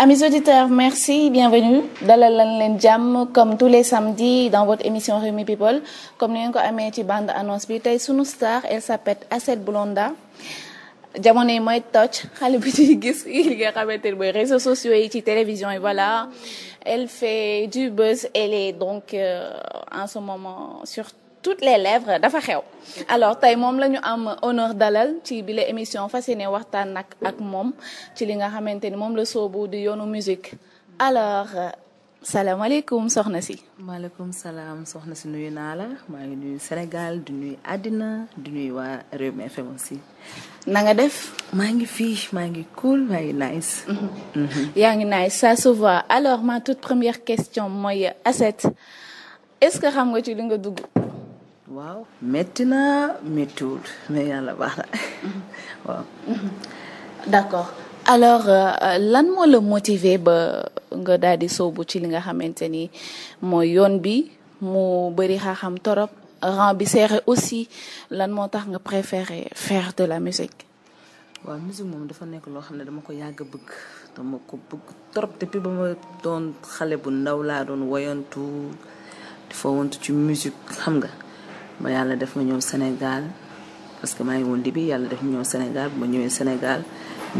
Amis auditeurs, merci, bienvenue dalal lan leen jàmm comme tous les samedis dans votre émission Rewmi People comme ni ngeen ko amee ci bande annonce bi tey sunu star elle s'appelle Assette Blonda jamono yi mooy toj xale bi ciy gis li nga xamante ne mooy réseaux sociaux yi ci télévision yi voilà elle fait du buzz elle est donc euh, en ce moment sur toutes les lèvres dafa xew alors tey moom la ñu am honneur dalal ci bile émission fas yéene waxtaan nag ak moom ci li nga xamante ni moom la soobu di yoonu musique alors salaamaaleykum soxna si. maaleykum salaam soxna si nuyu naa la maa ngi nuyu Sénégal di nuyu àddina di nuyu waa Rewmi FM aussi. na nga def. maa ngi fii maa ngi cool maa ngi nice. Mhm. Mhm. yaa ngi nice ça se alors ma toute première question mooy Assette est-ce que xam nga ci li nga dugg. waaw metti na méttiwul mais yàlla baax na mhm. waaw. Mhm. d'accord alors euh, lan moo la motiver ba nga daal di soobu ci li nga xamante ni mooy yoon bi mu bëri xam torop rang bi serré aussi lan moo tax nga préférer faire de la musique. waaw musique moom dafa nekk loo xam ne dama ko yàgg bëgg dama ko bëgg trop depuis ba ma doon xale bu ndaw laa doon woyantu di foowantu ci musique xam nga. ba yàlla def ma ñëw Sénégal parce que maa ngi woon Libye yàlla def ma ñëw Sénégal bu ma ñëwee Sénégal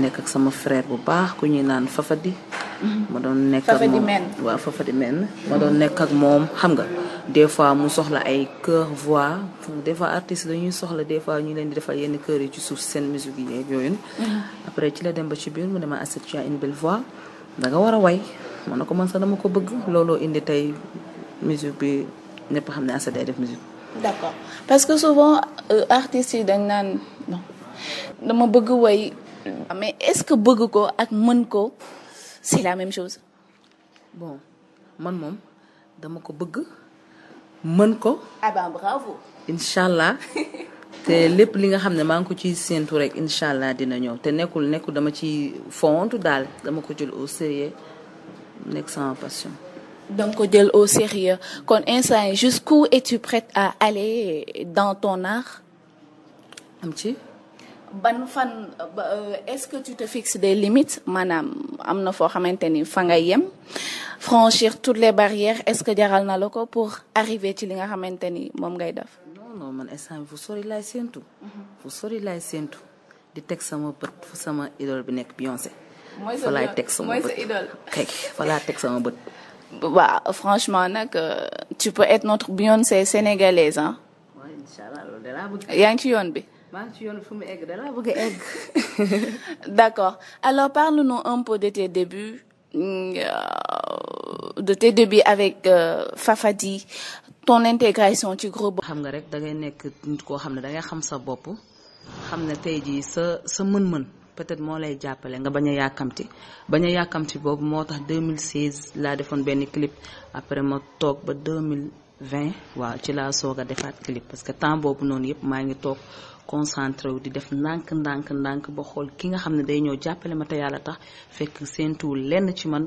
nekk ak sama frère bu baax ku ñuy naan Fafadi. Mhm. ma doon nekk ak moom waaw men ma doon nekk ak moom xam nga. des fois mu soxla ay chœur voix des fois artistes dañuy soxla des fois ñu leen di defal yenn kër yi ci suuf seen musique yi yeeg yooyu. Mhm. après ci la dem ba ci biir mu ne ma Assette tu as une belle da nga war a way ma ne ko man sax dama ko bëgg looloo indi tey musique bi ñëpp xam ne Assette day def musique. d'accord parce que souvent euh, artistes yi dañ naan dama bëgg woy mais est-ce que bëgg ko ak mën ko c'est la même chose. bon man moom dama ko bëgg mën ko. ah incha allah te lépp li nga xam ne maa ngi ko ciy séentu rek incha allah dina ñëw te nekkul nekkul dama ci font daal dama ko jël au sérieux nekk sama passion. danga ko jël au sérieux kon instant yi jusqu'où es-tu prête à aller dans ton art am ci ban fan euh, est-ce que tu te fixes des limites maanaam am na foo xamante ni fa nga yem franchir toutes les barrières est-ce que jaral na la ko pour arriver ci li nga xamante ni moom ngay def non non man instant bi fu sori laay séentu mm-hmm. fu sori lay séentu di teg sama bët fu sama idole bi nekk Beyoncé fa laay teg sama bët teg sama bët bah franchement nag euh, tu peux être notre Beyoncé sénégalaise ah. yaa ngi ci yoon bi. maa ci yoon fu mu egg de laa bëgg a egg. d'accord alors parle-nous un peu de tes débuts euh, de tes débuts avec euh, Fafati ton intégration ci groupe. xam nga rek da ngay nekk nit koo xam ne da ngay xam sa bopp xam ne tey jii sa sa mën-mën. peut moo lay jàppale nga bañ a yàkkamti bañ a yàkkamti boobu moo tax 2016 laa defoon benn clip après ma toog ba 2020 waaw ci laa soog a defaat clip parce que temps boobu noonu yëpp maa ngi toog concentré wu di def ndànk ndànk ndànk ba xool ki nga xam ne day ñëw jàppale ma te yàlla tax fekk seentuwul lenn ci man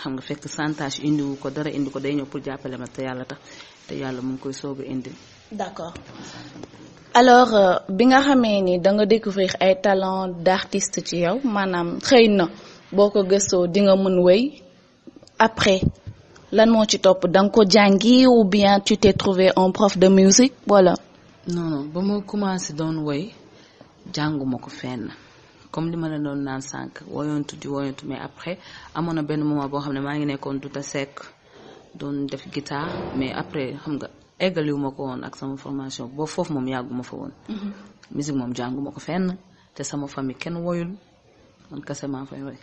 xam nga fekk santage indiwu ko dara indi ko day ñëw pour jàppale ma te yàlla tax te yàlla mu ngi koy soog a indi alors euh, bi nga xamee ni da nga découvrir ay talent d'artiste ci yow maanaam xëy na boo ko gëstoo di nga mën woy après lan moo ci topp danga nga ko jàngi ou bien tu t'es trouvé un prof de musique voilà. non ba mu commencé doon woy jànguma ko fenn comme li ma la doon naan sànq woyontu di woyontu mais après amoon a benn moment boo xam ne maa ngi nekkoon Douta Seck doon def guitare mais après xam nga. eggaliwu ma ko woon ak sama formation boobu foofu moom yàgguma fa woon. Mhm. musique moom jànguma ko fenn te sama famille kenn woyul man kese maa fay woy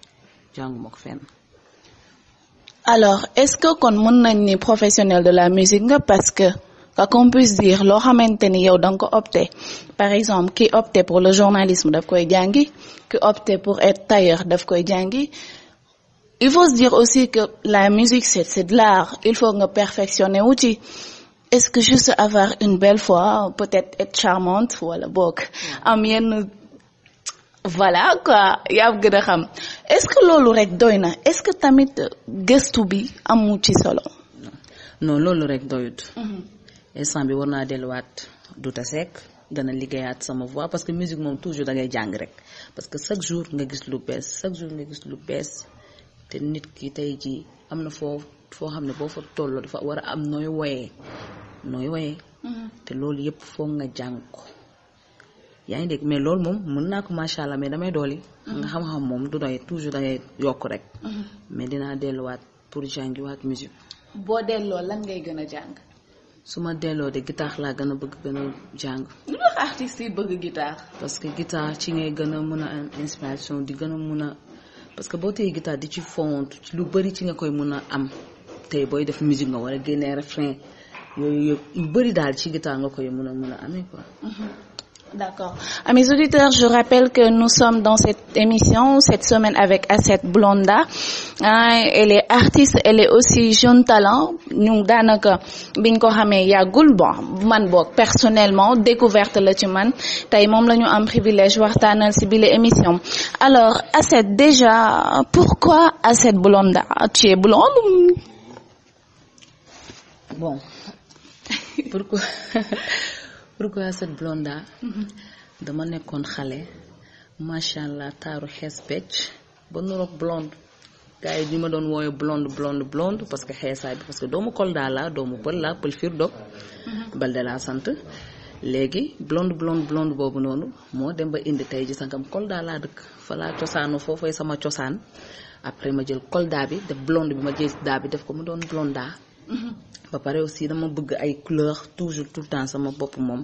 jànguma ko fenn. alors est-ce que kon mën nañ ni professionnel de la musique nga parce que quoi qu'on puisse dire loo xamante ni yow da nga ko opté par exemple ki opté pour le journalisme daf koy jàngi ki opté pour être tailleur daf koy jàngi il faut se dire aussi que la musique c'est de l'art il faut nga perfectionner est-ce que juste avoir une belle fois peut-être être charmante wala boog am yenn voilà quoi yaa gën a xam est-ce que loolu rek doy na est-ce que tamit gëstu bi amu ci solo. noo loolu rek doyut. Mhm. instant bi war naa delluwaat du ta seek dana liggéeyaat sama voix parce que musique moom toujours dangay jàng rek parce que chaque jour nga gis lu bees chaque jour nga gis lu bees te nit ki tey jii am na foofu. foo xam ne boo fa tolloo dafa war a am nooy woyee nooy woyee mm-hmm. te loolu yëpp foog nga jàng ko yaa ngi dégg mais loolu moom mën naa ko macha allah mais damay dooli mm-hmm. nga xam-xam moom du doy toujours dangay yokk rek mm-hmm. mais dinaa delluwaat pour jàngiwaat musique boo delloo lan ngay gën a jàng su ma delloo de guitare laa gën a bëgg gën a jàng. lu tax artistes yi bëgg guitare. parce que guitare ci ngay gën a mën a am inspiration di gën a mun a parce que boo téye guitare di ci fond lu bëri ci nga koy mën a am. tey booy def musique nga war a génnee refrain yooyu yëpp yu bëri daal ci guitare nga koy mën a mën a amee quoi. Mhm. D'accord. Amis auditeurs, je rappelle que nous sommes dans cette émission, cette semaine avec Asset Blonda. Hein, ah, elle est artiste, elle est aussi jeune talent. Ñu daanaka biñ ko xamee yàggul bon man boog personnellement découverte la ci man tey moom la ñu am privilège waxtaanal ci bile émission. Alors Asset déjà pourquoi Asset Blonda? Tu es blonde? bon pour pourquoi cette Blonda dama nekkoon xale macha allah taaru xees becc ba nuroog blonde gars yi ñu ma doon wooye blonde blonde blonde parce que xeesaay bi parce que doomu Kolda laa doomu pël laa pël fiir dog mhm. Balde laa sant léegi blonde blonde blonde boobu noonu moo dem ba indi tey ji sangam Kolda laa dëkk fa laa cosaanu foofee sama cosaan après ma jël Kolda bi def blonde bi ma jël daa bi def ko mu doon Blonda ba pare aussi dama bëgg ay couleur toujours tout le temps sama bopp moom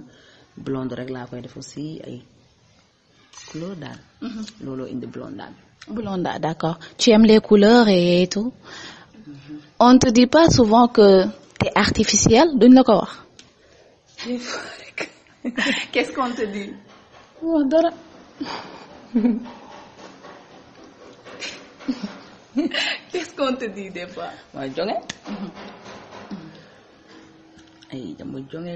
blonde rek laa koy def aussi ay couleur daal. Mhm. looloo indi blonda bi. d'accord tu aimes les couleurs et tout mhm. on te dit pas souvent que t'es artificielle duñ la ko wax. quest qu'on te dit. waaw oh, dara. quest ay dama jonge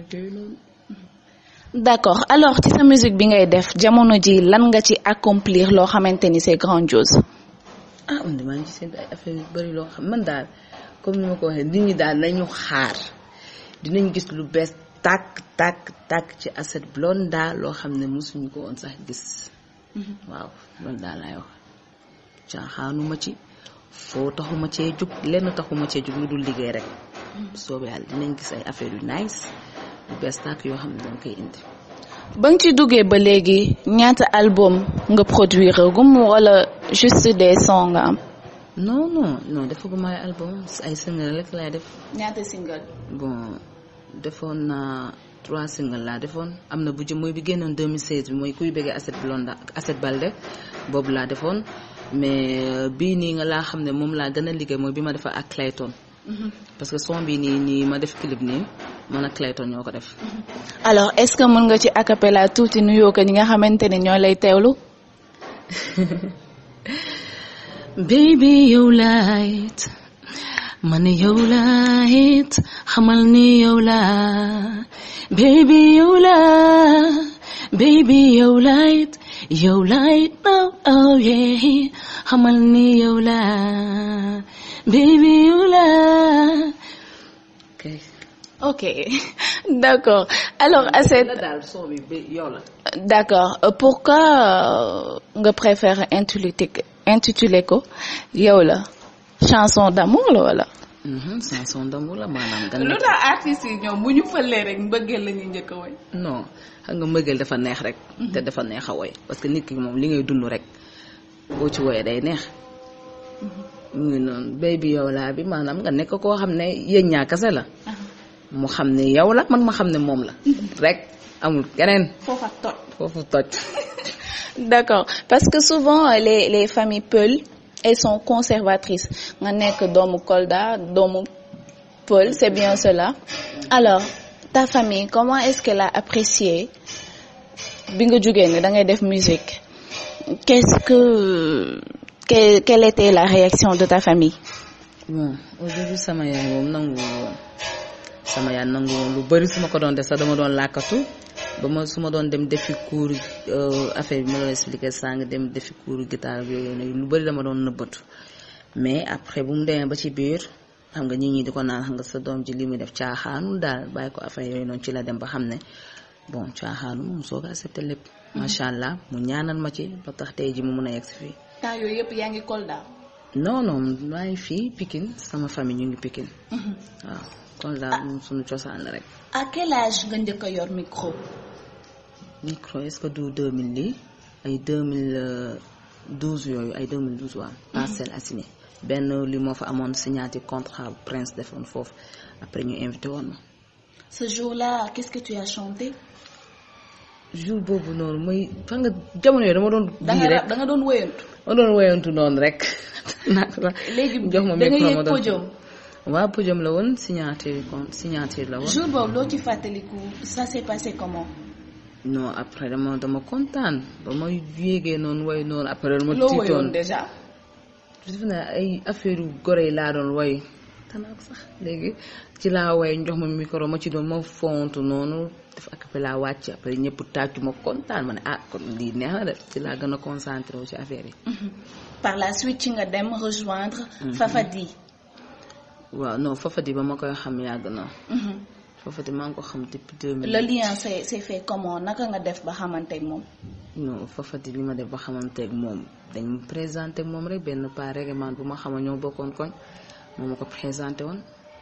d'accord alors ci sa musique bi ngay def jamono ji lan nga ci accomplir loo xamante ni c'est grandiose ah man de ci seen ay affaire yu bari loo xam man daal comme ni ma ko waxee nit ñi daal nañu xaar dinañ gis lu bees tàkk tàkk tàkk ci Asset Blonda loo xam ne mosuñu ko woon sax gis mm-hmm. waaw lool daal laay wax caaxaanuma ci foo taxuma cee jug lenn taxuma cee jug lu dul liggéey rek soobee yàlla dinañ gis ay affaire yu nice yu bees yoo xam ne danga koy indi. ba nga ci duggee ba léegi ñaata album nga produire gum wala juste des sons nga am. non non non defaguma ay album ay single rek laay def. ñaata single. bon defoon naa trois laa defoon am na bu jëm mooy bi génnoon 2016 bi mooy kuy bëggee Asset Blonde Asset Balde boobu laa defoon mais euh, bii nii nga laa xam ne moom laa gën a liggéey mooy bi ma defa ak Clayton. parce que son bi nii nii ma def clip nii man ak ñoo ko def. alors est-ce que mën nga ci acapella tuuti nuyoo ko ñi nga xamante ne ñoo lay teewlu. baby yow laa it yow laa it xamal ni yow laa baby yow laa yow laa it yow laa oh, oh, xamal ni yow laa. baby you love ok d' accord alors euh, pourquoi euh, nga préfère intitulé ko yow la chanson d' amour la wala. Mhm, chanson d' amour la maanaam. gan lu tax artistes yi ñoom bu ñu fëlee rek mbëggeel la njëkk woy. non xam nga mbëggeel dafa neex rek. Mhm. te dafa neex a woy parce que nit ki moom li ngay dund rek boo ci woyee day neex. Mhm. mu ngi noonu béy bi yow laa bi maanaam nga nekk koo xam ne yéen ñaa kase la. Uh-huh. mu xam ne yow la man ma xam ne moom la. rek amul keneen. foofa toj foofu toj. d'accord parce que souvent euh, les les familles peules elles sont conservatrices nga nekk doomu Kolda doomu Peul c'est bien cela alors ta famille comment est-ce qu'elle a bi nga jógee ne da ngay def musique qu'est-ce euh, que quelle était la réaction de ta famille. bon sama yaay moom nangu woon sama yaay nangu woon lu bëri su ma ko doon def sa dama doon làkkatu ba ma su ma doon dem defi cours euh, affaire bi ma doon expliqué sàng dem defi cours guitare bi yooyu lu bëri dama doon nëbbatu mais après bu mu demee ba ci biir xam nga nit ñi di ko naan xam nga sa doom ji li muy def caaxaanul daal bàyyi ko affaire yooyu noonu ci la dem ba xam ne bon caaxaanu moom soo ko accepté lépp mm-hmm. macha allah mu ñaanal ma ci ba tax tey ji mu mun a yegg si fii. temps yooyu yëpp yaa ngi Kolda. non non maa ngi fii Pikine sama famille ñu ngi pikin mhm. waaw Kolda ah. suñu cosaan la rek. à quel âge nga njëkk a yor micro. micro est-ce que du 2000 lii ay 2012 yooyu ay 2012 waaw. Mhm. Parcelles Assainies benn lii moo fa amoon signaté contrat bu Prince defoon foofu après ñu invité woon ce jour-là quest que tu as chanté. jour boobu noonu mooy fan nga jamono yooyu dama doon. ji rek da nga doon wéyantu. ma noonu rek. léegi jox ma micro ma doon waaw la woon signature kon signature la woon. jour boobu loo ci fàttaliku ça s'est comment. non après dama dama kontaan ba ma yéegee noonu way noonu après. dama tiitoon loo woyoon déjà. defe naa ay affaire yu yi laa doon woy léegi ci laa way njox ma micro ma ci doon ma fontu noonu def acapella wàcc après ñëpp tàccu ma kontaan ma ne ah kon lii neex na def ci laa gën a concentré wu ci affaire yi. Mhm. par la suite ci nga dem rejoindre. Mhm. Fafadi. waaw non Fafadi ba ma koy xam yàgg na. Mhm. Fafadi maa ngi ko xam depuis deux mille. le lien s'est s'est fait comment naka nga def ba xamante ak moom. non Fafadi li ma def ba xamante ak moom dañ présenté moom rek benn pas règlement bu ma xama ñoo bokkoon koñ. moo ma ko présenté woon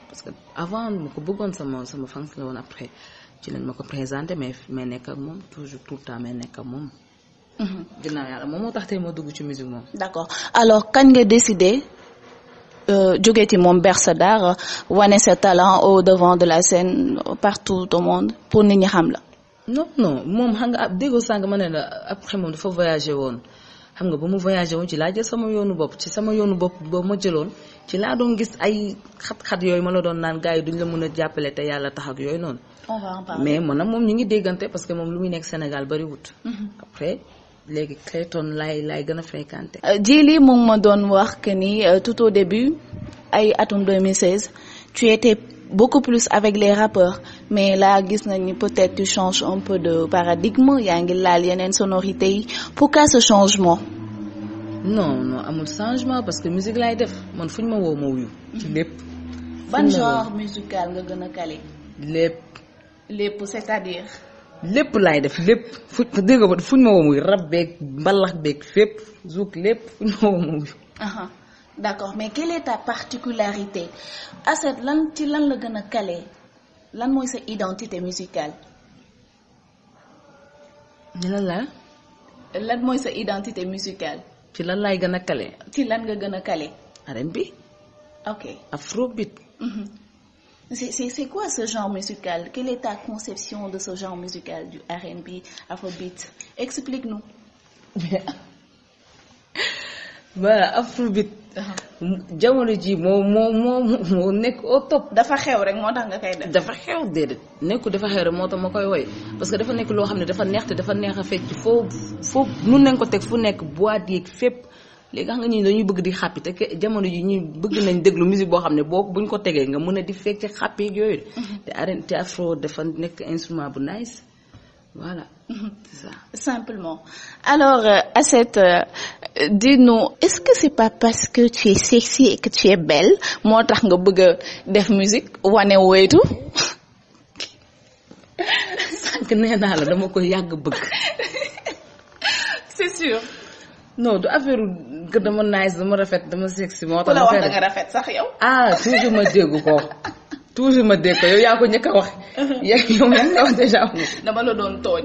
parce que avant ma ko bëggoon sama sama fans la woon après ci lañ ma ko présenté mais mais nekk ak moom toujours tout le temps mais nekk moom. Mhm. ginnaaw yàlla moom moo tax tey ma dugg ci musique moom. d'accord alors kañ nga décidé euh, jóge ci moom ber sa dara wane sa talent au devant de la scène partout au monde pour nit ñi xam la. non non moom xam nga ah, déggoo sànq ma ne la après moom dafa voyagé woon xam nga ba mu voyagé woon ci laa jël sama yoonu bopp ci sama yoonu bopp boobu ma jëloon ci laa doon gis ay xat-xat yooyu ma la doon naan gars yi duñ la mën a jàppale te yàlla tax ak yooyu noonu. mais man nag moom ñu ngi déggante parce que moom lu muy nekk Sénégal bariwut. Mm-hmm. après léegi Clayton laay laay gën a fréquenté. Euh, Djily mu ngi ma doon wax que ni euh, tout au début ay atum 2016 tu étais beaucoup plus avec les rappeurs mais là gis nañu peut-être tu changes un peu de paradigme yaa ngi laal yeneen sonorité yi pourquoi ce changement. non non amul changement parce que musique laay def man fu ñu ma woo ma wuyu. ci lépp. ban genre musical nga gën a kale. lépp. lépp c'est-à-dire. lépp laay def lépp fu dégg nga fu ñu ma woo ma wuyu rab beeg mbalax beeg fépp zouk lépp fu ñu ma woo ma wuyu. d'accord mais quelle est ta particularité Assette lan ci lan la gën a kale lan mooy sa identité musicale. lan la. lan mooy sa identité musicale. ci lan laay gën a kale. ci lan nga gën a kale. R&B. ok afrobeat. Mhm. c'est c'est c'est quoi ce genre musical quelle est ta de ce genre musical du R&B afrobeat explique-nous. voilà afrobeat jamono ji moo moo moo moo nekk au top. dafa xew rek moo tax nga koy def. dafa xew déedéet nekku dafa xew rek moo tax ma koy woy parce que dafa nekk loo xam ne dafa neex te dafa neex a fecc foo foo mun nañ ko teg fu nekk boîte yeeg fépp. léegi xam nga ñun dañuy bëgg di xàppi te jamono ji ñu bëgg nañ déglu musique boo xam ne boo buñ ko tegee nga mën a di fekk yooyu. Mm-hmm. te arène te dafa nekk instrument bu nice voilà. Mm-hmm. c'est ça. simplement alors euh, dis est-ce que c'est pas parce que tu es sexy et belle moo tax nga bëgg a def musique wane woytu sànq nee la dama ko yàgg bëgg. c'est sûr. non du affaire que dama nice dama rafet dama sexy moo tax. la wax rafet sax yow. ah toujours ma dégg ko toujours ma dégg ko yow yaa ko njëkk wax. dama la doon tooñ.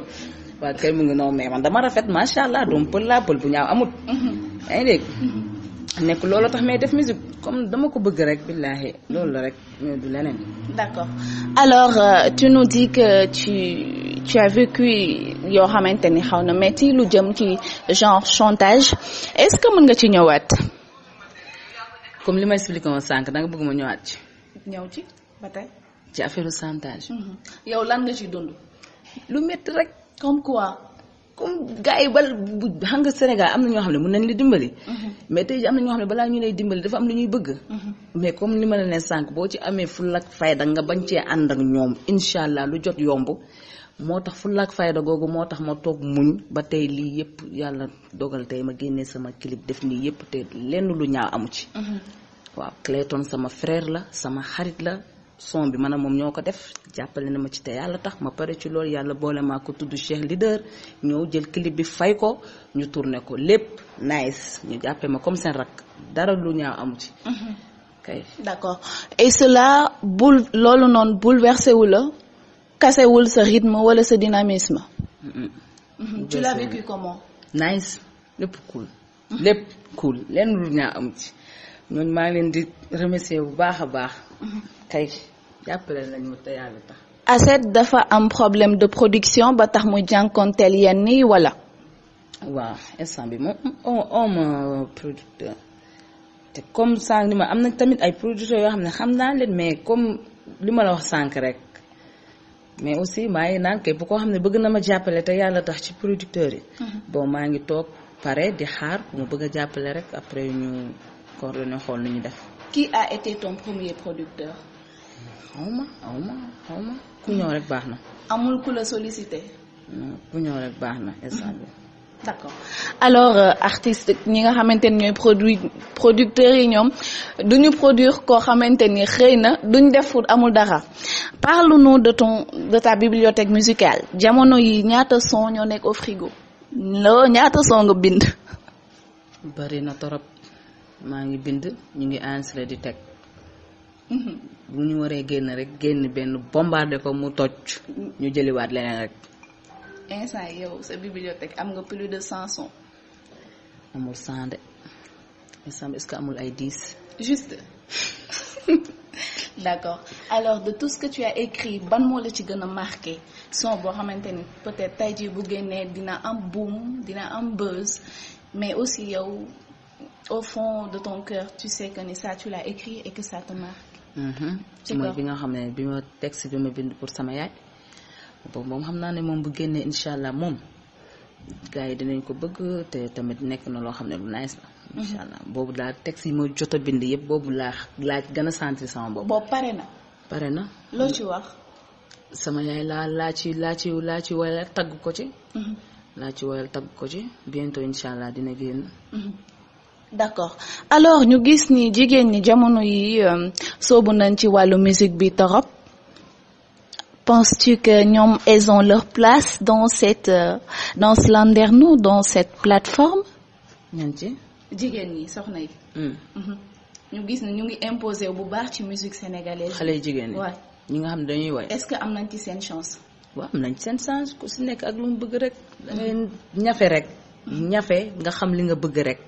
waa kay mu ngi noonu mais man dama rafet macha allah doom pël laa pël bu ñaaw amut. Mhm. yaa ngi mhm. nekk loolu tax may def musique comme dama ko bëgg rek billaahi loolu la rek du leneen. d'accord alors euh, tu nous di que tu tu as vécu yoo xamante ni xaw na metti lu jëm ci genre chantage est-ce que mën nga ci ñëwaat. comme li ma expliqué woon sànq da nga bëgg ma ñëwaat ci. ñëw ci ba ci affaire chantage. Mhm. yow lan nga ci dund. lu metti rek. comme quoi. comme gars yi bal bu xam nga Sénégal am na ñoo xam ne mën nañ la dimbali. Mhm. mais tey am na ñoo xam ne balaa ñu lay dimbali dafa am lu ñuy bëgg. Mhm. mais comme ni ma la nee sànq boo ci amee fulla ak fayda nga bañ cee ànd ak ñoom incha allah lu jot yomb moo tax fulla ak fayda googu moo tax ma toog muñ ba tey lii yëpp yàlla dogal tey ma génnee sama clip def nii yëpp te lenn lu ñaaw amu ci. Mhm. waaw Clayton sama frère la sama xarit la. son bi man a moom ñoo ko def jàppale na ma ci te yàlla tax ma pare ci loolu yàlla boole maa ko tudd Cheikh leader ñëw jël clip bi fay ko ñu turne ko lépp nice ñu jàppee ma comme seen rak dara lu ñaaw amu ci. Mhm. kay d'accord et cela bul loolu noonu bouleversé wu la kasewul sa rythme wala sa dynamisme. Mhm. tu l'as vécu nice lépp cool. Mhm. lépp cool lenn lu ñaaw amu ci. noonu maa ngi leen di remercier bu baax a baax. kay mhm. jàppale nañ ma te yàlla tax. ACET dafa am problème de production ba tax mu jànkonteel yenn yi walla waaw instant bi moom on producteur te comme san ni ma am na tamit ay producteurs yoo xam ne xam naa leen mais comme li ma la wax sànq rek mais aussi maa ngi naan kay bu ko xam ne bëgg na ma jàppale te yàlla tax ci producteurs yi. Mhm. bon maa ngi toog pare di xaar ku ma bëgg a jàppale rek après ñu. coordonné xool lu ñu def. qui a été ton producteur. xaw baax na. amul ku la sollicité. ku na accord alors euh, artiste ñi nga xamante ni ñooy produit producteurs yi ñoom duñu produir koo xamante ni xëy na duñ def pour amul dara parle-nous de ton de ta bibliothèque musicale jamono yi ñaata son ñoo nekk au frigo ñaata son nga bind. bari torop maa ngi bind ñu ngi enregistré di teg mhm. bu ñu waree génn rek génn benn bombardé ko mu toj ñu jëliwaat leneen rek instant yow sa bibliothèque am nga plus de cent sons amul cent de instant amul ay diis juste d'accord alors de tout ce tu as écrit ban moo la ci gën a marqué son boo xamante ni peut-être tey jii bu génnee dina am boom dina am buzz mais aussi yow au fond de ton cœur tu sais ci mm-hmm. mooy bi nga xam ne bi ma texte bi ma bind pour sama yaay boobu moom xam naa ne moom bu génnee incha allah moom gars yi dinañ ko bëgg te tamit nekk na loo xam ne lu nice la. Mm-hmm. incha boobu daal texte yi ma jot a bind yëpp boobu laa laaj gën a sentir sama bopp. boobu pare na. pare na loo ci wax. sama yaay laa laa ci laa ci laa ci wayal tagg ko ci. Mm-hmm. laa ci wayal tagg ko ci bientôt incha allah dina génn. d'accord alors ñu gis ni jigéen ñi jamono yi euh, soobu nañ ci wàllu musique bi torop penses-tu que ñoom elles ont leur place dans cette euh, dans Landerneau dans cette plateforme. ñan ci jigéen ñi soxna yi. Hmm. Mhm. ñu gis ne ñu ngi imposer bu baax ci musique sénégalaise. xale jigéen ñi ñi nga xam ne dañuy way. est-ce que am nañ ci seen chance. waaw am nañ seen chance ku si nekk ak lu mu bëgg rek. da ñafe rek. Hmm. ñafe nga xam li nga bëgg rek.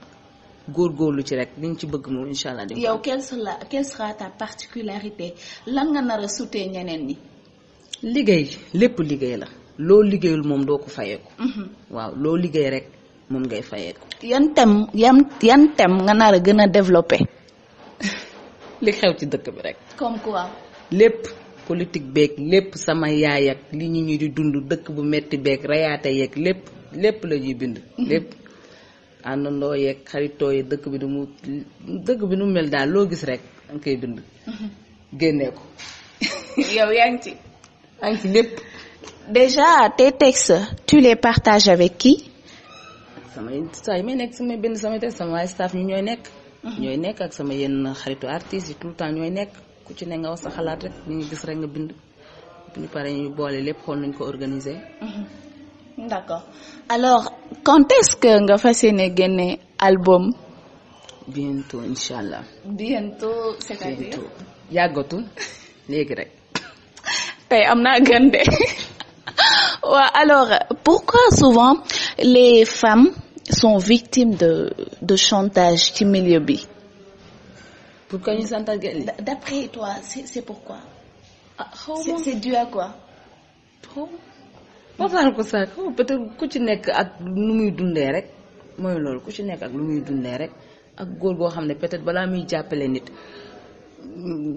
góor góorlu ci rek liñ ci bëgg moom incha allah. yow quelle sera quelle sera ta particularité lan nga nar a sutee ñeneen ñi. liggéey lépp liggéey la loo liggéeyul moom doo ko fayeeku. Mhm. waaw loo liggéey rek moom ngay fayeeku. yan thème yan yan thème nga nar a gën a développé. li xew ci dëkk bi rek. comme quoi. lépp politique beeg lépp sama yaay ak li ñu ñu di dund dëkk bu metti beeg rayaate yeeg lépp lépp la ñuy bind. Mhm. lépp. àndandoo yeeg xaritoo yi dëkk bi nu mu dëkk bi nu mel daal loo gis rek danga koy bind génne ko yow yaa ngi ci yaa ngi ci lépp déjà tes textes tu les partage avec ki sama saa yi may nekk samay benn samay textes sama waaye staff ñu ñooy nekk mhm. ñooy nekk ak sama yenn xaritu artistes yi tout temps ñooy nekk ku ci ne nga wax sa xalaat rek ñu ngi gis rek nga bind bu ñu paree ñu boole lépp xool nuñ ko organiser mhm. d'accord alors quand est-ce que nga fas yéene génne album. bientôt incha allah. bientôt c'est-à-dire yàggatul léegi rek. am na gën de waaw alors pourquoi souvent les femmes sont victimes de chantage ci milieu bi. pourquoi ñu chantage d'après toi c'est pourquoi. ah xaw c'est dû à quoi. wax naa ko sax peut ku ci nekk ak nu muy dundee rek mooy loolu ku ci nekk ak lu muy dundee rek ak góor goo xam ne peut-être balaa muy jàppale nit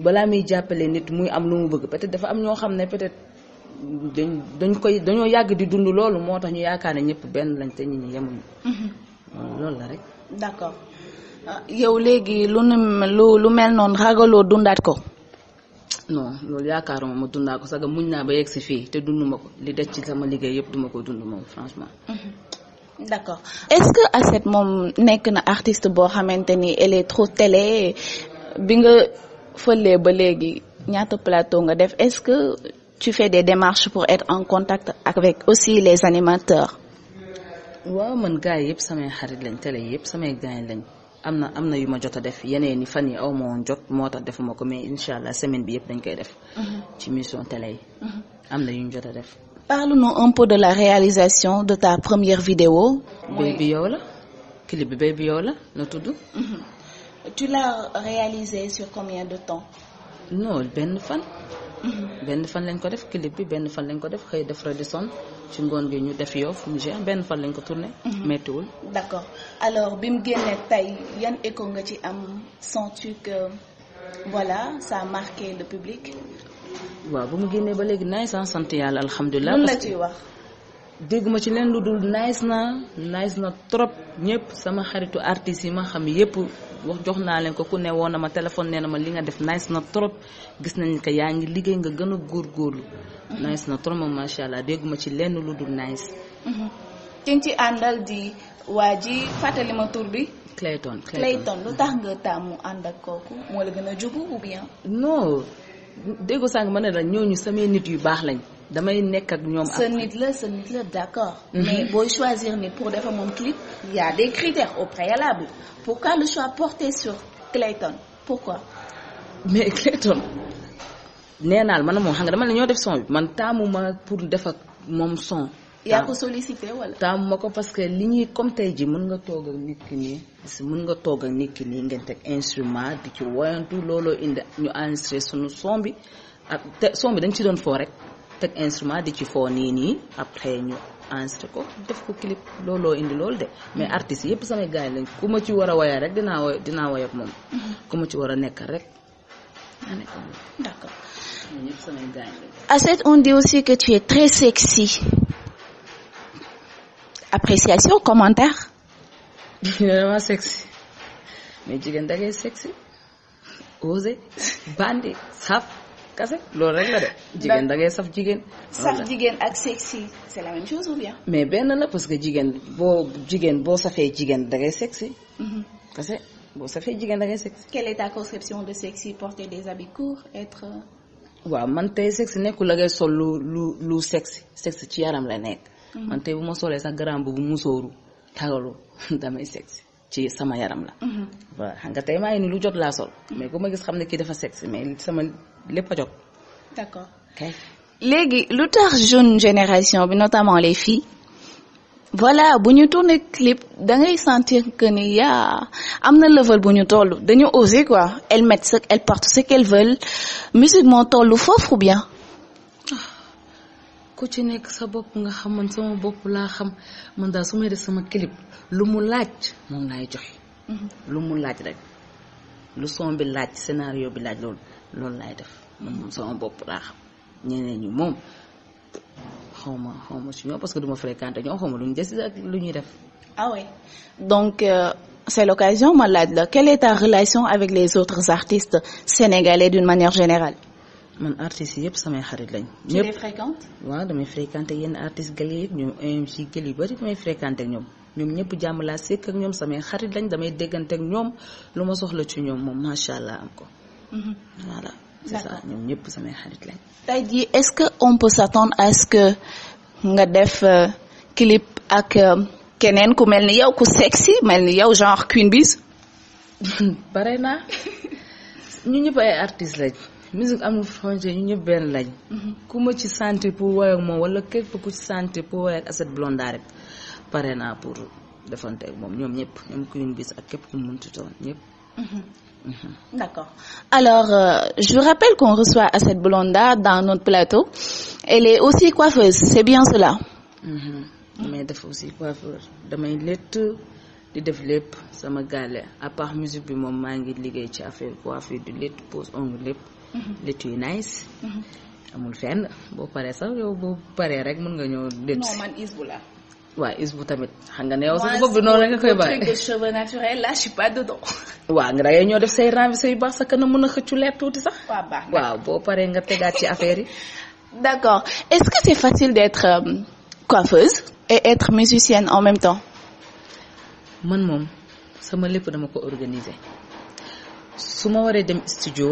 balaa muy jàppale nit muy am lu mu bëgg peut-être dafa am ñoo xam ne peut-être dañ dañ koy dañoo yàgg di dund loolu moo tax ñu yaakaar ne ñëpp benn lañ te ñi ñu yemuñu mm-hmm. loolu la rek d'accord ah, yow léegi lu nu lu lu mel noonu ragaloo dundaat ko non loolu yaakaaruma ma dund naa ko sax muñ naa ba yegg si fii te dund ma ko li des ci sama liggéey yëpp duma ko dund moom franchement. Mhm. d' accord est ce que Assette moom nekk na artiste boo xamante ni elle est trop télé bi nga fëlee ba léegi ñaata plateau nga def est ce que tu fais des démarches pour être en contact avec aussi les animateurs. waaw man gars yëpp samay xarit lañ télé yëpp samay gaañ lañ. am na am na yu ma jot a def yeneen i fan yi aw ma woon jot moo tax defuma ko mais incha allah semaine bi yëpp dañ koy def. Mm-hmm. ci mission télé yi. Mm-hmm. am na yu ñu jot a def. parle-nous un peu de la réalisation de ta première vidéo. béy bi yow la clip bi béy bi yow la la tudd. Mm-hmm. tu l'as réalisé sur combien de temps. non benn fan. benn fan lañ ko def clip bi benn fan lañ ko def xëy def Radisson ci ngoon gi ñu def Yoff mu jeex benn fan lañ ko tourné. méttiwul. Mhm. d'accord alors bi mu génnee tey yan écho nga ci am sens-tu que voilà sa a marqué le public. waaw bu mu génnee ba léegi naay sant yàlla alhamdulilah. parce mun na ciy wax. dégguma ci leen lu dul nice na nice na trop ñëpp sama xaritu artistes yi ma xam yëpp wax jox naa leen ko ku ne woon na ma téléphone nee na ma li nga def nice na trop gis nañ ko yaa ngi liggéey nga gën a góorgóorlu. Mm-hmm. nice na trop moom macha allah dégguma ci lenn lu dul nice. Mm-hmm. kiñ ci àndal di waa ji fàttali ma tur bi. Clayton Clayton lu tax nga taamu ànd ak kooku moo la gën a jubu ou bien. non déggu sànq ma ne la ñu samay nit yu baax lañ. damay nekk ak ñoom. sa nit la sa nit la d'accord. Mhm. mais booy choisir nit pour defa moom clip y a des critères au préalable pourquoi le choix porté sur Clayton pourquoi. mais Clayton nee naa la man moom xam nga dama ne ñoo def son man taamu ma pour def ak moom son. yaa ko sollicité wala. taamu ma ko parce que li ñuy comme tey ji mën nga toog ak nit ki nii. si mën nga toog ak nit nii ngeen teg instrument di ci woyantu looloo indi ñu enregistré sunu son bi ak te son bi dañ ci doon foo rek. teg instrument di ci foo nii nii après ñu enregistré ko def ko clip looloo indi lool de mais mm-hmm. artistes yëpp samay gars lañ ku ma ci war a woyee rek dinaa woy dinaa woy moom mm-hmm. ku ma ci war a nekkal rek maa on dit aussi que tu es très sexy appréciation commentaire mais jigéen da sexy osé bandi saf kase loolu rek la de. jigéen da ngay saf jigéen. saf jigéen ak sexy c'est la même chose ou bien. mais benn la parce que jigéen boo jigéen boo safee jigéen da ngay parce mhm. que boo safee jigéen da ngay sexy. quelle est ta conception de sexy porter des habits courts être. waaw man tey sexy nekkul la ngay sol lu lu lu sexy sexy ci yaram la nekk. Mhm. man tey bu ma solee sax grand bu musóoru tagalu damay sexy. ci sama yaram la. voilà mhm. xam tey maa ni lu jot laa sol. mais ku ma gis xam ne kii dafa sexy mais sama lépp a jot. d'accord kay. léegi lu tax jeune génération bi notamment les filles. voilà bu ñu tourné clip dangay sentir que ni yaa am na level bu ñu toll dañu oser quoi elles mettent ce elles portent ce qu'elles veulent musique moo toll foofu bien. ku ci nekk sa bopp nga xam man sama bopp laa xam man daal su may def sama clip lu mu laaj moom laay joxe. Mm-hmm. lu mu laaj rek lu son bi laaj scénario bi laaj loolu loolu laay def man moom sama bopp laa xam ñeneen ñi moom xaw ma xaw ma si parce que du ma fréquenté ñoom xaw ma lu ñu des ak lu ñuy def. ah donc. Euh... C'est ma laaj la quelle est relation avec les autres artistes sénégalais d'une manière générale man artistes yëpp samay xarit lañ. ñëpp tu les fréquentes. waaw damay fréquenté yenn artistes gël yi ñoom OMG euh, gël yu bari damay fréquenté ñoom ñoom ñëpp jàmm laa sekk ak ñoom samay xarit lañ damay déggante ak ñoom lu ma soxla ci ñoom moom macha allah am ko. Mhm. voilà c'est ça ñoom ñëpp samay xarit lañ. tey jii est-ce que on peut s'attendre à ce que nga def euh, clip ak euh, keneen ku mel ni yow ku sexy mel ni yow genre Queen Biz. bare naa ñu ñëpp ay artistes lañ. musique amul frontière ñu ñëpp lañ. Mm-hmm. ku ma ci santé pour woy ak moom wala képp ku ci santé pour woy ak Asset Blondin rek pare naa pour defante moom ñoom ñëpp ñoom Queen Biz ak képp ku mu munti doon ñëpp. Mm-hmm. Mm-hmm. D'accord. Alors, euh, je vous rappelle qu'on reçoit Asset Blondin dans notre plateau. Elle aussi coiffeuse, c'est bien cela. damay def aussi coiffeur damay létt di def lépp sama gàlle à part bi moom maa ngi liggéey ci affaire coiffure du létt pose ongle Mm-hmm. létt yu nice mm-hmm. amul fenn boo paree sax yow boo paree rek mën nga ñëw létt non la waaw is bu tamit xam nga ne yow sax bopp bi la nga koy bàyyi. truc de cheveux waaw nga da ñëw def say renversé yu baax sa kanam mën a xëccu leer tuuti sax. waaw baax waaw boo paree nga tegaat ci affaire yi. d'accord est-ce que c'est facile d'être euh, coiffeuse et être musicienne en même temps. man moom sama lépp dama ko organiser su ma waree dem studio.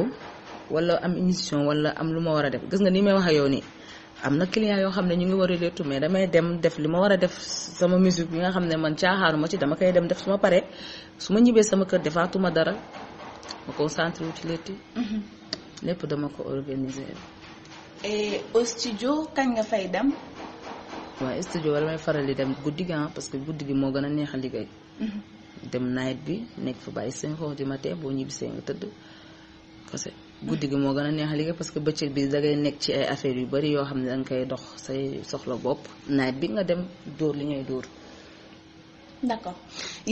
wala am émission wala am lu ma war a def gis nga ni may waxee ak yow nii am na client yoo xam ne ñu ngi war a léttu mais damay dem def li ma war a def sama musique bi nga xam ne man caaxaanu ma ci dama koy dem def su ma paree su ma ñibbee sama kër defaatuma dara ma concentré wu ci létti mm-hmm. lépp dama ko organiser. et au studio kañ nga fay dem. waaw studio wala may faral di dem guddi gi ah, parce que guddi gi moo gën a neex a liggéey. Mm-hmm. dem night bi nekk fu bàyyi 5 heures du matin boo ñibbisee nga tëdd guddi gi moo gën a neex liggéey parce que bëccëg bi dangay nekk ci ay affaires yu bari yoo xam ne danga koy dox say soxla bopp nawet bi nga dem dóor li ngay dóor. d'accord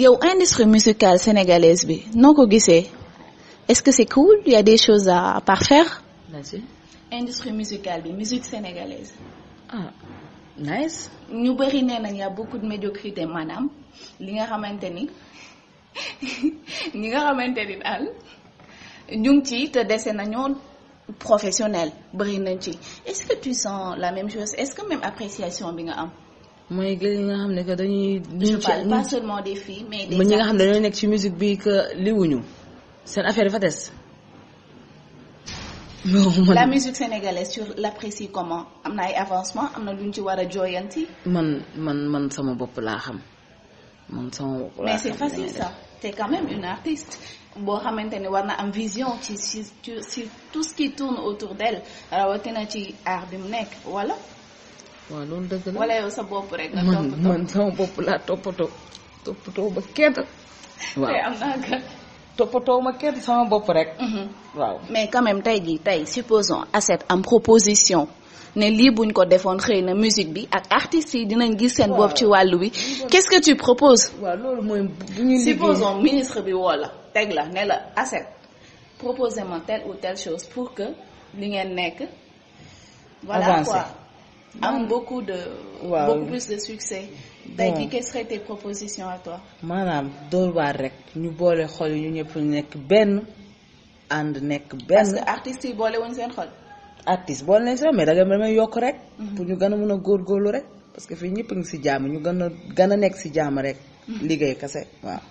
yow industrie musicale sénégalaise bi noo ko gisee est-ce que c'est cool il y a des choses à par vas-y industrie musicale bi musique sénégalaise. Ah, nice. ñu bari nee nañ y a beaucoup de médiocrité maanaam li nga xamante ni ñi nga xamante ni daal. ñu ngi ci te dese nañoo professionnel bëri nañ ci est-ce que tu sens la même chose est-ce que même appréciation bi nga am. mooy li nga xam ne que dañuy. je parle pas des filles mais des. ñi nga xam ne dañoo nekk ci musique bi que liwuñu wuñu seen affaire dafa des. non la musique sénégalaise sur l'apprécie comment am na ay avancement am na luñ ci war a jooyanti. man man man sama bopp laa xam man sama bopp laa xam mais c'est facile ça quand même une artiste. boo xamante ni war na am vision ci ci ci tout ce qui tourne autour d'elle rawatina ci aar bi mu nekk wala. waaw loolu dëgg la wala yow sa bopp rek. nga toppatoo man man sama bopp laa toppatoo waaw tey am naa toppatoo ma kenn sama bopp rek. Mhm. mais quand tey jii tey supposons Assette am proposition. ne lii buñ ko defoon xëy na musique bi ak artistes yi dinañ gis seen bopp ci wàllu wi qu'est-ce ministre bi woo la. teg la ne la aset proposé ma telle ou telle chose pour que li ngeen nekk voilà Avancé. quoi am beaucoup de waaw beaucoup plus de succès tey jii quelles maanaam door waar rek ñu boole xol yu ñëpp nekk benn ànd nekk benn parce que artistes yi boole wuñ seen xol artiste boole nañ seen mais da nga damay yokk rek mhm. pour ñu gën a mën a góor góorgóorlu rek parce que fii ñëpp ngi si jàmm ñu gën a gën a nekk si jàmm rek mhm. liggéey kase waaw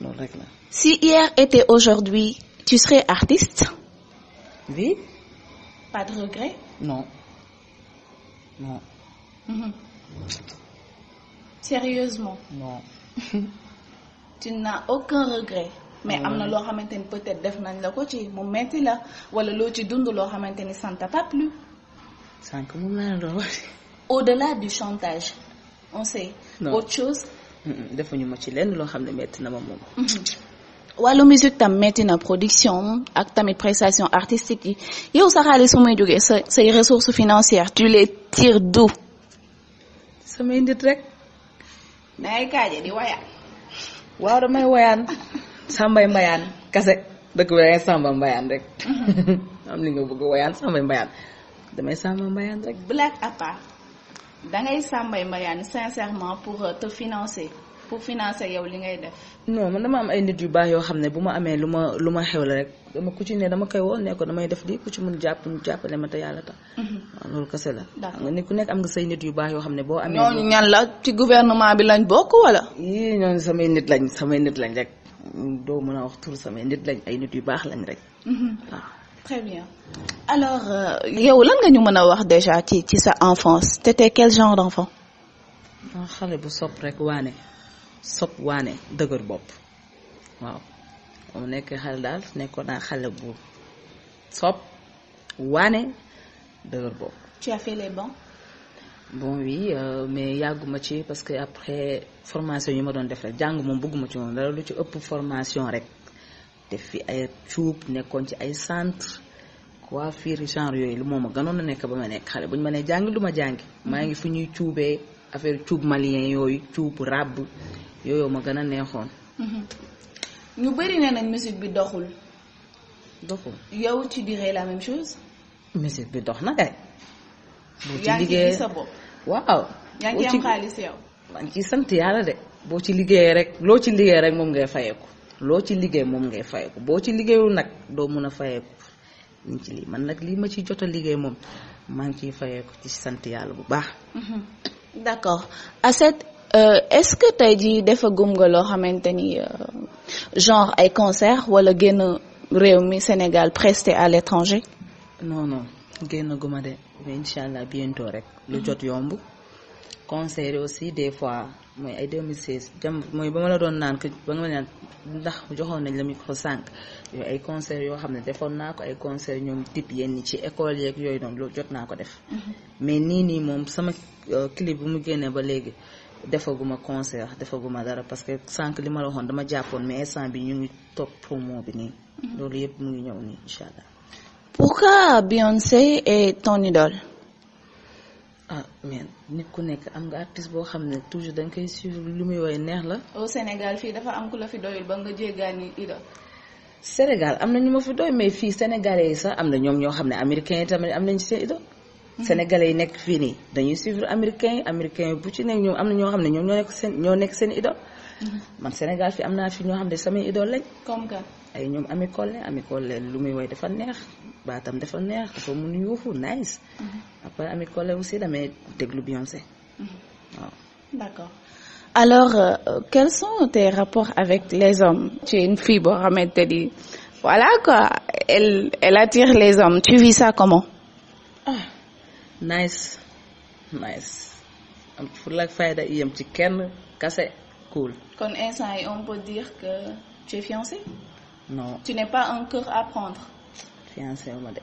loolu rek la. si hier était aujourd'hui tu serais artiste. oui. pas de regret. non non. Mm-hmm. sérieusement. tu n'as aucun regret. mais am na loo xamante ni peut-être def nañ la ko ci mu metti la wala loo ci dund loo xamante ni ne t'a pas plu. sànq mu mel noonu. au-delà du chantage on sait. autre chose defuñu ma ci lenn loo xam ne metti na ma moom. wàllu musique tam metti na production ak tamit prestation artistique yi yow sa xaalis su may jógee sa sa ressources financières tu les tires d'où. samay nit rek. naay kaaje di wayaan. waaw damay wayaan. sambay mbayaan kase dëkk bi dangay mbayaan rek. am li nga bëgg wayaan sambay mbayaan damay samba mbayaan rek. black à dangay sàmbay Mariane sincèrement pour euh, te financer pour financer yow li ngay def. non man dama am ay nit yu baax yoo xam ne bu ma amee lu ma lu ma xew la rek dama ku ci ne dama koy woo ne damay def lii ku ci mun jàpp ñu jàppale ma te yàlla tax. Mhm. waaw loolu kese la. d'accord nga nit ku nekk am nga say nit yu baax yoo xam ne boo. amee ñooñu ñan la ci gouvernement bi lañ bokk wala. yii ñooñu samay nit lañ samay nit lañ rek doo mën a wax tur samay nit lañ ay nit yu baax lañ rek. Mhm. très bien alors euh, yow lan nga ñu mën a wax déjà ci ci sa enfance t'étais quel genre d'enfant. Ah, xale bu sopp rek waane sopp waane dëgër bopp waaw nekk xale daal nekkoon naa xale bu sopp waane dëgër bopp. bon oui euh, mais yàgguma ci parce que après formation yi ma doon def rek jàng moom bëgguma ci moom dara lu ci ëpp formation rek. te fi ay cuub nekkoon ci ay centre coiffure genre yooyu lu moom a gënoon a nekk ba ma nekk xale buñ ma nee jàngi du ma jàngi maa ngi fu ñuy cuubee affaire cuub malien yooyu cuub ràbb yooyu ma gën a neexoon mm-hmm. ñu bëri ne nañ musique bi doxul doxul yow ci dire la même chose musique bi dox na kay boo ci liggéeyee waaw yaa maa ngi ciy sant yàlla de boo ci liggéeyee rek loo ci liggéeyee rek moom ngay fayeeku loo ci liggéey moom ngay fayeeku boo ci liggéeyu nag doo mun a fayeeku ñu lii man nag lii ma ci jot a liggéey moom maa ngi ciy fayeeku ci sant yàlla bu baax. Mm-hmm. d'accord Assette euh, est-ce que tey jii defagum nga loo xamante ni euh, genre ay concert wala génn réew mi Sénégal presté à l'étranger. non non génn guma de mais incha allah rek. lu mm-hmm. jot yomb. concert aussi des fois. mooy ay 2016 jam mooy ba ma la doon naan que ba nga ma naan ndax joxoon nañ la micro sànq yooyu ay concert yoo xam ne defoon naa ko ay concert ñoom type yenn ci école yeeg yooyu noonu loolu jot naa ko def mm-hmm. mais nii nii moom sama euh, clip bu mu génnee ba léegi defaguma concert defaguma dara parce que sànq li ma la waxoon dama jàppoon mais instant bi ñu ngi topp promo bi nii mm-hmm. loolu yëpp mu ngi ñëw nii incha allah pourquoi Beyoncé est ton idole ah mais nit ku nekk am nga artiste boo xam ne toujours danga koy suivre lu muy woy neex la. au Sénégal fii dafa am ku la fi doyul ba nga jéggaani ido Sénégal am na ñu ma fi doy fii sénégalais yi sax am na ñoom ñoo xam ne américains yi am nañu seen Ida. Mhm. sénégalais yi nekk fii nii dañuy suivre américains yi américains bu ci nekk ñoom am na ñoo xam ne ñoom ñoo nekk seen ñoo nekk seen Ida. Mhm. man Sénégal fii am naa fii ñoo xam ne samay idole lañ. comme que. ay ñoom Ami Collé Ami Collé lu muy woy dafa neex baatam dafa neex dafa mun yuuxu nice mhm. après Ami Collé aussi damay déglu Beyoncé mhm. waaw d'accord alors euh, euh, quels sont tes rapports avec les hommes tu es une fille boo xamante ni voilà quoi elle elle les hommes tu vis ça comment ah nice nice am fulla ak fayda yem ci kenn kase cool kon instant on peut dire que tu es fiancée non tu n'es pas un cœur à fiancé ma de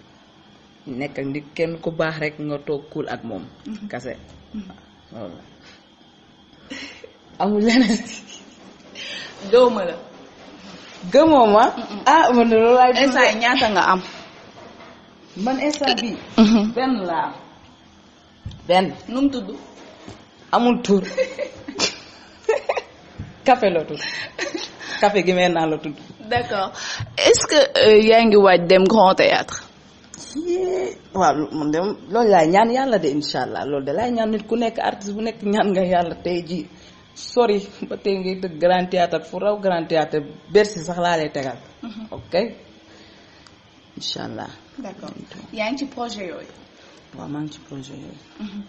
nekk ak kenn ku baax rek nga toog kuul ak moom. Mm-hmm. kase loolu mm-hmm. amul leneen. gëw ma la. gëmoo ma. ah man de loolu laay. instant ñaata nga am. man instant bi mm-hmm. benn laa am. benn nu tudd. amul tur. café la tudd. café gi may naan la tudd. d'accord est-ce que euh, yaa ngi waaj dem grand théâtre waaw man de loolu laay ñaan yàlla de incha allah loolu de laay ñaan nit ku nekk artiste bu nekk ñaan nga yàlla tey jii sori ba tey ngay dëgg grand théâtre fu raw grand théâtre Bercy sax laa lay tegal. Mhm. ok incha allah. yaa ngi ci projet yooyu. waaw maa ngi ci projet yooyu. Mhm.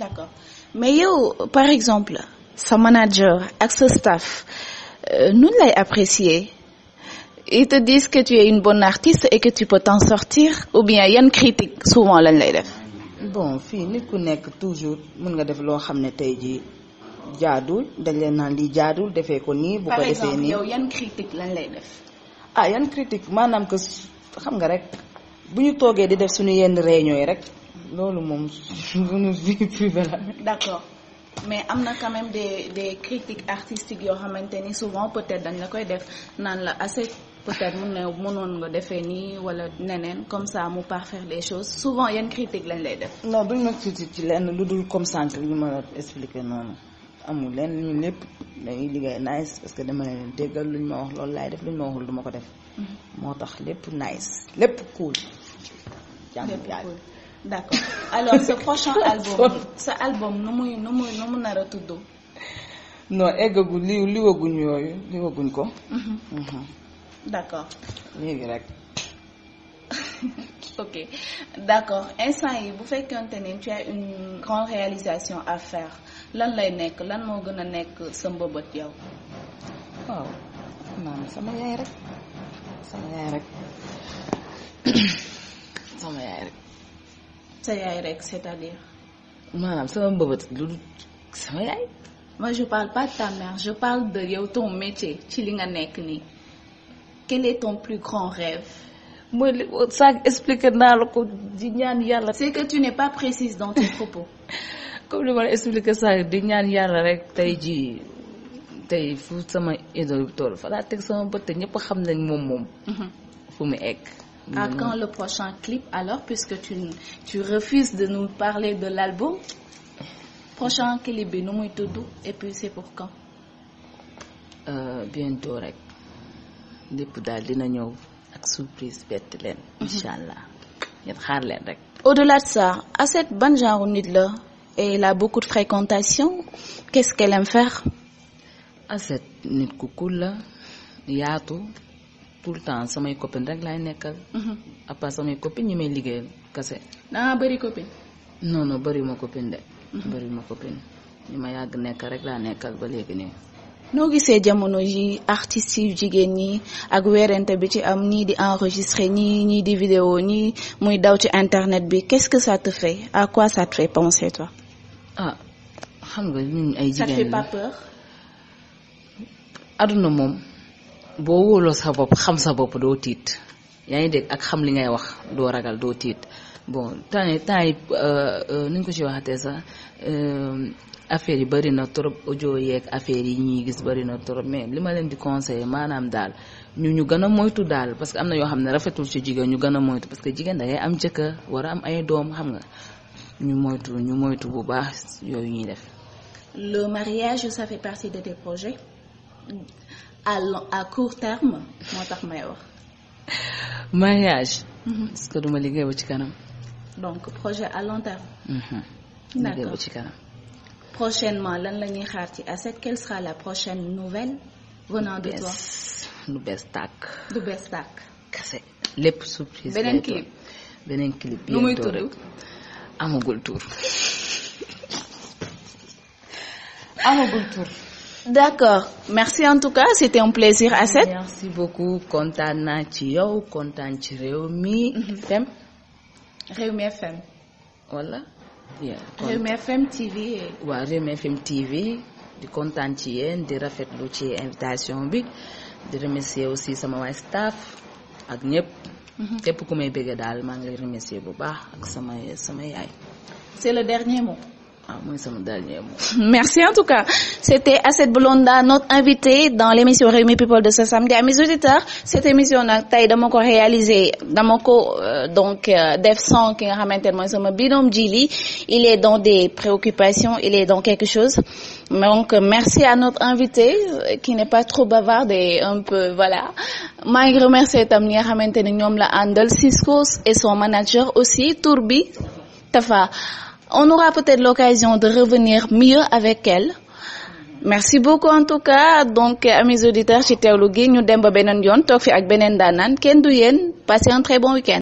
d'accord mais yow par exemple sa manager ak sa staff euh, nun lay apprécier. ils te disent que tu es que tu peux t'en sortir ou bien yan critique souvent lañ lay def. bon fii nit ku nekk toujours mën nga def loo xam ne tey jii jaadul dañ leen naan lii jaadul defee ko nii. bu yow yan critique lañ lay def. ah yan critique maanaam que xam nga rek bu ñu toogee di def suñu yenn réunion yi rek loolu moom suñu vie privée la. mais am na quand même des des critiques yoo xamante ni souvent peut dañ la koy def naan la assez pour être mun na mënoon nga defee nii wala neneen comme ça mu parfaire des choses souvent yan critique lañ lay def. non duñ ma critique ci lenn lu dul comme sànq li ma la expliqué noonu amul lenn ñu lépp dañuy liggéey nice parce que dama leen déggal luñ ma wax loolu laay def luñ ma waxul du ma ko def. Mm-hmm. moo tax lépp nice lépp cool. jàmm yàlla d'accord alors ce prochain album sa album nu muy nu muy nu mu nar a tudd. non eggagu li li wëguñ yooyu li wëguñ ko. Mm-hmm. Mm-hmm. d'accord miir gi rek. ok d'accord instant yi bu fekkente ne tu as une grande réalisation à faire lan lay nekk lan moo gën a nekk sa mbëbët yow. waaw maam sama yaay rek sama yaay rek sama yaay rek. sa yaay rek c'est-à-dire. maanaam sama mbëbët lu sama yaay. moi je parle pas de ta parle de yow ton métier ci li nga nekk nii. quel est ton plus grand rêve mooy li sànq expliqué naa la ko di ñaan yàlla c'est que tu n'es pas précise dans tes propos comme li ma la expliqué di ñaan yàlla rek tey jii tey fu sama idole bi toll fa laa teg sama bët te ñëpp xam nañ moom moom mhm. fu mu egg à quand le prochain clip alors puisque tu tu refuses de nous parler de l'album prochain clip bi nu muy tudd et puis c'est pour quand euh, bientôt rek lépp daal dina ñëw ak surprise bett leen mhm. incha allah ngeen xaar leen rek au-delà de ça Assette ban genre nit la et elle a beaucoup de fréquentation qu'est-ce qu'elle nit ku cool la yaatu tout le temps samay copines rek laay nekkal mhm. à part samay copines ñi may liggéeyal kase dangaa bëri copine non non bëri ma copine de mhm. bëri ma copine ñi ma yàgg nekk rek laa nekkal ba léegi nii noo gisee jamono ji artistes yu jigéen ñi ak weerante bi ci am ñii di enregistré ñii ñii di vidéo ñii muy daw ci internet bi quest que ça te fait à quoi ça te fait penser toi. ah xam nga ñun ay jigéen la ça moom boo wóoloo sa bopp xam sa bopp doo tiit yaa ngi dégg ak xam li ngay wax doo ragal doo tiit bon temps temps yi euh, euh, nu ñu ko ci waxatee sax. Euh, affaire yi bëri na trop ojo yeeg affaire yi ñuy gis bëri na trop mais li ma leen di conseiller maanaam daal ñu ñu gën a moytu daal parce que am na yoo xam ne rafetul ci jigéen ñu gën a moytu parce que jigéen da ngay am jëkka war a am ay doom xam nga ñu moytu ñu moytu bu baax yooyu ñuy def. le mariage ça fait partie de tes projets à long, à court terme moo tax may wax. mariage. Mm-hmm. est-ce que duma liggéey ba ci kanam. donc projet à long terme. Mm-hmm. liggéey ba ci kanam. prochainement lan la ñuy xaar ci ASEC quelle sera la prochaine nouvelle venant de toi lu bees tàkk lu bees surprise beneen clip beneen clip lu muy tudd amagul tur amagul tur d'accord merci en tout cas c'était un plaisir Asset merci beaucoup kontaan naa ci yow kontaan ci Rewmi FM Rewmi FM wala Rewmi FM TV. waaw Rewmi FM TV di kontaan ci yéen di rafetlu ci invitation bi di remercier aussi sama waay staff ak ñëpp. Mhm. képp ku may bëgg daal maa ngi lay remercier bu baax ak sama sama yaay. c'est le dernier mot. Ah, merci en tout cas. C'était Asset Blonda, notre invité dans l'émission Rémi People de ce samedi. À mes auditeurs, cette émission nag tey dama ko réalisé dama ko euh, donc euh, def son ki nga xamante ne mooy sama binôme Djily il est dans des préoccupations il est dans quelque chose donc merci à notre invité euh, qui n'est pas trop bavarde et un peu voilà maa ngi remercier itam ñi nga xamante ne ñoom la àndal Cisco et son manager aussi tour bi Tafa on aura peut-être l'occasion de revenir mieux avec elle merci beaucoup en tout cas donc à mes auditeurs ci teewlu gi ñu dem ba beneen yoon toog fi ak beneen daanaan kenn du yéen passez un très bon week